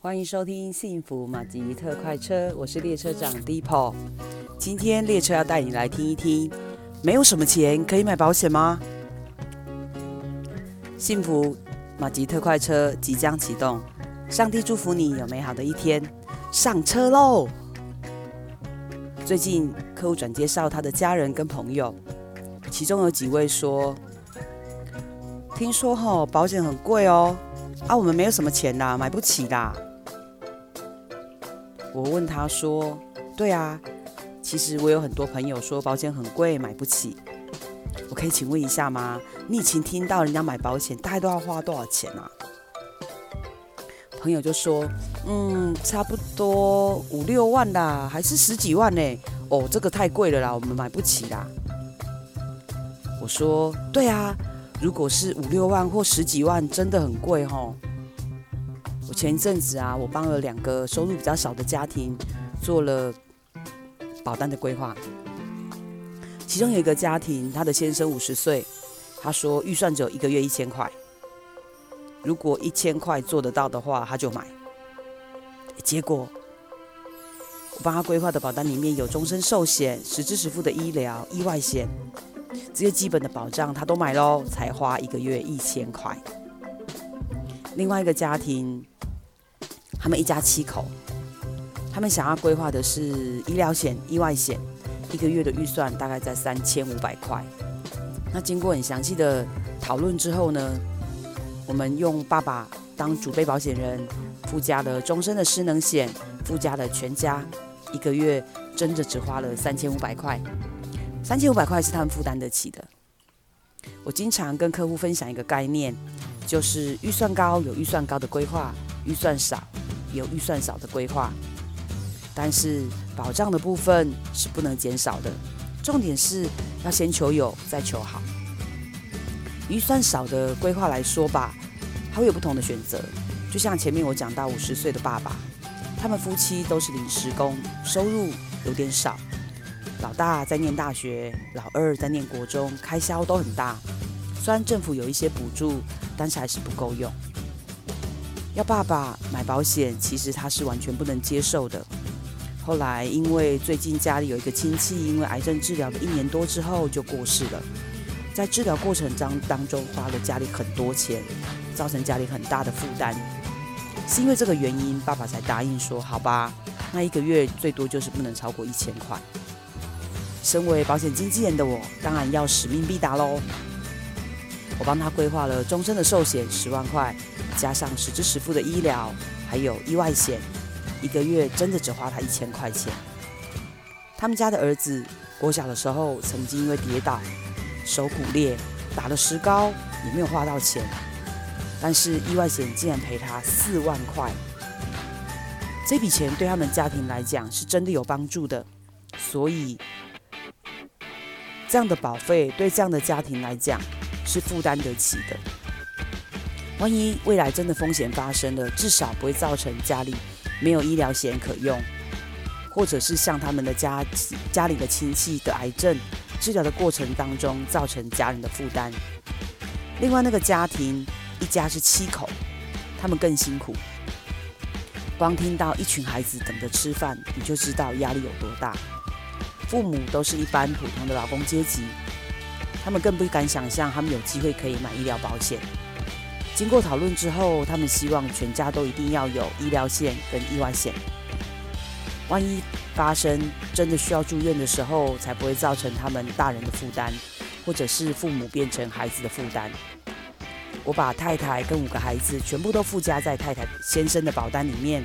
歡迎收聽幸福馬吉特快車，我是列車長 Deepo。今天列車要帶你來聽一聽，沒有什麼錢可以買保險嗎？幸福馬吉特快車即將啟動，上帝祝福你有美好的一天，上車嘍！最近客戶轉介紹他的家人跟朋友，其中有幾位說，聽說吼、哦、保險很貴哦，啊我們沒有什麼錢啦、啊，買不起啦、啊。我問他說：“對啊，其實我有很多朋友說保險很貴，買不起。我可以請問一下嗎？你以前聽到人家買保險大概都要花多少錢啊？”朋友就說：“嗯，差不多五六萬啦，還是十幾萬呢。哦，這個太貴了啦，我們買不起啦。”我說：“對啊，如果是五六萬或十幾萬，真的很貴哦。”我前一陣子啊，我幫了兩個收入比較少的家庭做了保單的規劃。其中有一個家庭，他的先生五十歲，他說預算只有一個月一千塊。如果一千塊做得到的話，他就買。結果我幫他規劃的保單裡面有終身壽險、實支實付的醫療、意外險，這些基本的保障他都買嘍，才花一個月一千塊。另外一個家庭，他們一家七口，他們想要規劃的是醫療險、意外險，一個月的預算大概在三千五百塊。那經過很詳細的討論之後呢，我們用爸爸當主被保險人，附加了終身的失能險，附加了全家，一個月真的只花了三千五百塊。三千五百塊是他們負擔得起的。我經常跟客戶分享一個概念。就是預算高有預算高的規劃，預算少有預算少的規劃，但是保障的部分是不能減少的。重點是要先求有，再求好。預算少的規劃來說吧，還會有不同的選擇。就像前面我講到五十歲的爸爸，他們夫妻都是臨時工，收入有點少，老大在念大學，老二在念國中，開銷都很大。雖然政府有一些補助。但是還是不夠用，要爸爸買保險，其實他是完全不能接受的。後來因為最近家裡有一個親戚，因為癌症治療了一年多之後就過世了，在治療過程當中花了家裡很多錢，造成家裡很大的負擔。是因為這個原因，爸爸才答應說：“好吧，那一個月最多就是不能超過一千塊。”身為保險經紀人的我，當然要使命必達嘍。我幫他規劃了終身的壽險，十萬塊，加上實支實付的醫療，還有意外險，一個月真的只花他一千塊錢。他們家的兒子國小的時候曾經因為跌倒手骨裂打了石膏，也沒有花到錢，但是意外險竟然賠他四萬塊。這筆錢對他們家庭來講是真的有幫助的，所以這樣的保費對這樣的家庭來講，是負擔得起的。萬一未來真的風險發生了，至少不會造成家裡沒有醫療險可用，或者是像他們的家，家裡的親戚得癌症治療的過程當中造成家人的負擔。另外那個家庭一家是七口，他們更辛苦。光聽到一群孩子等着吃飯，你就知道壓力有多大。父母都是一般普通的勞工階級。他們更不敢想象，他們有機會可以買醫療保險。經過討論之後，他們希望全家都一定要有醫療險跟意外險。萬一發生真的需要住院的時候，才不會造成他們大人的負擔，或者是父母變成孩子的負擔。我把太太跟五個孩子全部都附加在太太先生的保單裡面，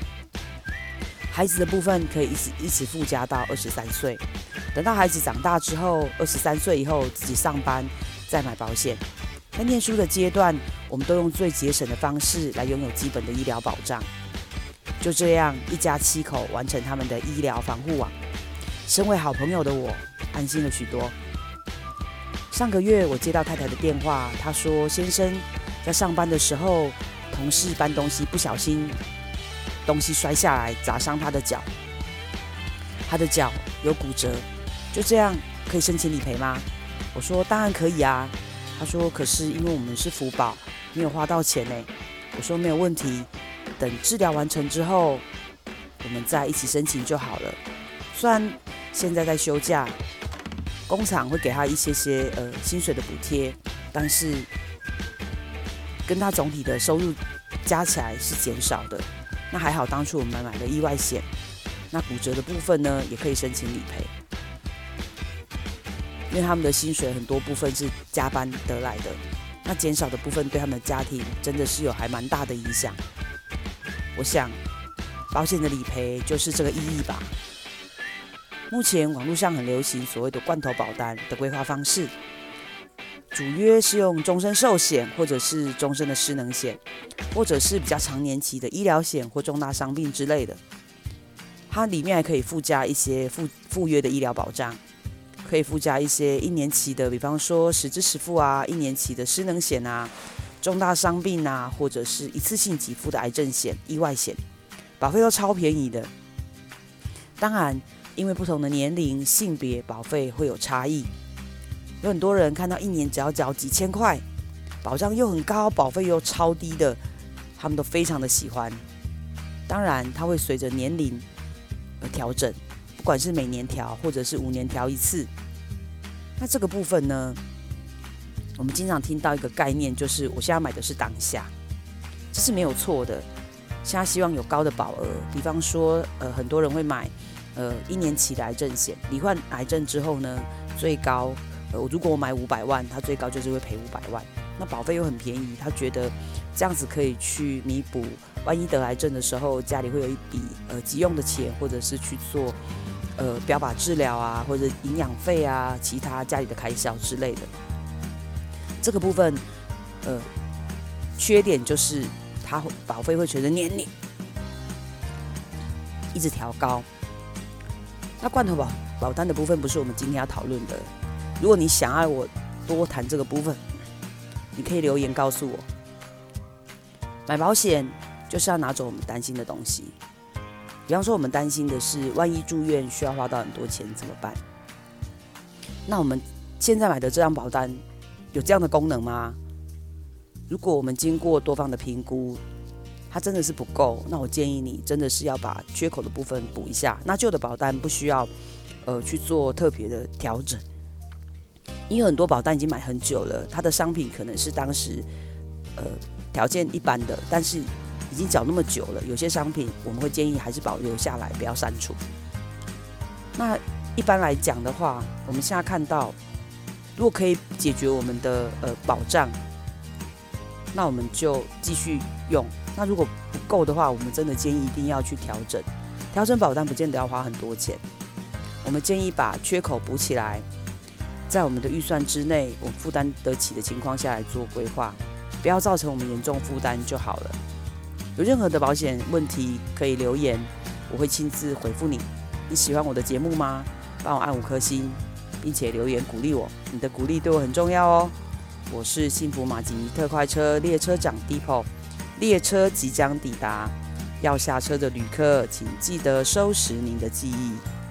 孩子的部分可以一直一直附加到二十三歲。等到孩子長大之後，二十三歲以後自己上班再買保險。在念書的階段，我們都用最節省的方式來擁有基本的醫療保障。就這樣，一家七口完成他們的醫療防護網。身為好朋友的我，安心了許多。上個月我接到太太的電話，她說：“先生，在上班的時候，同事搬東西不小心，東西摔下來砸傷他的腳，他的腳有骨折。”就這樣可以申請理賠嗎？我說當然可以啊。他說可是因為我們是福保，沒有花到錢呢。我說沒有問題，等治療完成之後，我們再一起申請就好了。雖然現在在休假，工廠會給他一些些呃薪水的補貼，但是跟他總體的收入加起來是減少的。那還好當初我們買了意外險，那骨折的部分呢也可以申請理賠。因為他們的薪水很多部分是加班得來的，那減少的部分對他們的家庭真的是有還蠻大的影響。我想，保險的理賠就是這個意義吧？目前網絡上很流行所謂的罐頭保單的規劃方式，主約是用終身壽險或者是終身的失能險，或者是比較長年期的醫療險或重大傷病之類的，它裡面還可以附加一些附附約的醫療保障。可以附加一些一年期的，比方說實支實付啊，一年期的失能險啊，重大傷病啊，或者是一次性給付的癌症險、意外險，保費都超便宜的。當然，因為不同的年齡、性別，保費會有差異。有很多人看到一年只要繳幾千塊，保障又很高，保費又超低的，他們都非常的喜歡。當然，它會隨着年齡而調整。不管是每年調，或者是五年調一次，那這個部分呢，我們經常聽到一個概念，就是我現在買的是當下，這是沒有錯的。現在希望有高的保額，比方說，呃，很多人會買，呃，一年期的癌症險。罹患癌症之後呢，最高，呃，如果我買五百萬，他最高就是會賠五百萬。那保費又很便宜，他覺得這樣子可以去彌補，萬一得癌症的時候，家裡會有一筆呃急用的錢，或者是去做。呃，標靶治療啊，或者營養費啊，其他家裡的開銷之類的，這個部分，呃，缺點就是它會保費會隨着年齡一直調高。那罐頭保保單的部分不是我們今天要討論的。如果你想要我多談這個部分，你可以留言告訴我。買保險就是要拿走我們擔心的東西。比方說，我們擔心的是，萬一住院需要花到很多錢怎麼辦？那我們現在買的這張保單有這樣的功能嗎？如果我們經過多方的評估，它真的是不夠，那我建議你真的是要把缺口的部分補一下。那舊的保單不需要呃去做特別的調整，因為很多保單已經買很久了，它的商品可能是當時呃條件一般的，但是，已經繳那麼久了，有些商品我們會建議還是保留下來，不要刪除。那一般來講的話，我們現在看到，如果可以解決我們的呃保障，那我們就繼續用。那如果不夠的話，我們真的建議一定要去調整。調整保單不見得要花很多錢，我們建議把缺口補起來，在我們的預算之內，我負擔得起的情況下來做規劃，不要造成我們嚴重負擔就好了。有任何的保險問題可以留言，我會親自回復你。你喜歡我的節目嗎？幫我按五顆星，並且留言鼓勵我。你的鼓勵對我很重要哦。我是幸福馬吉尼特快車列車長 Depot，列車即將抵達，要下車的旅客請記得收拾您的記憶。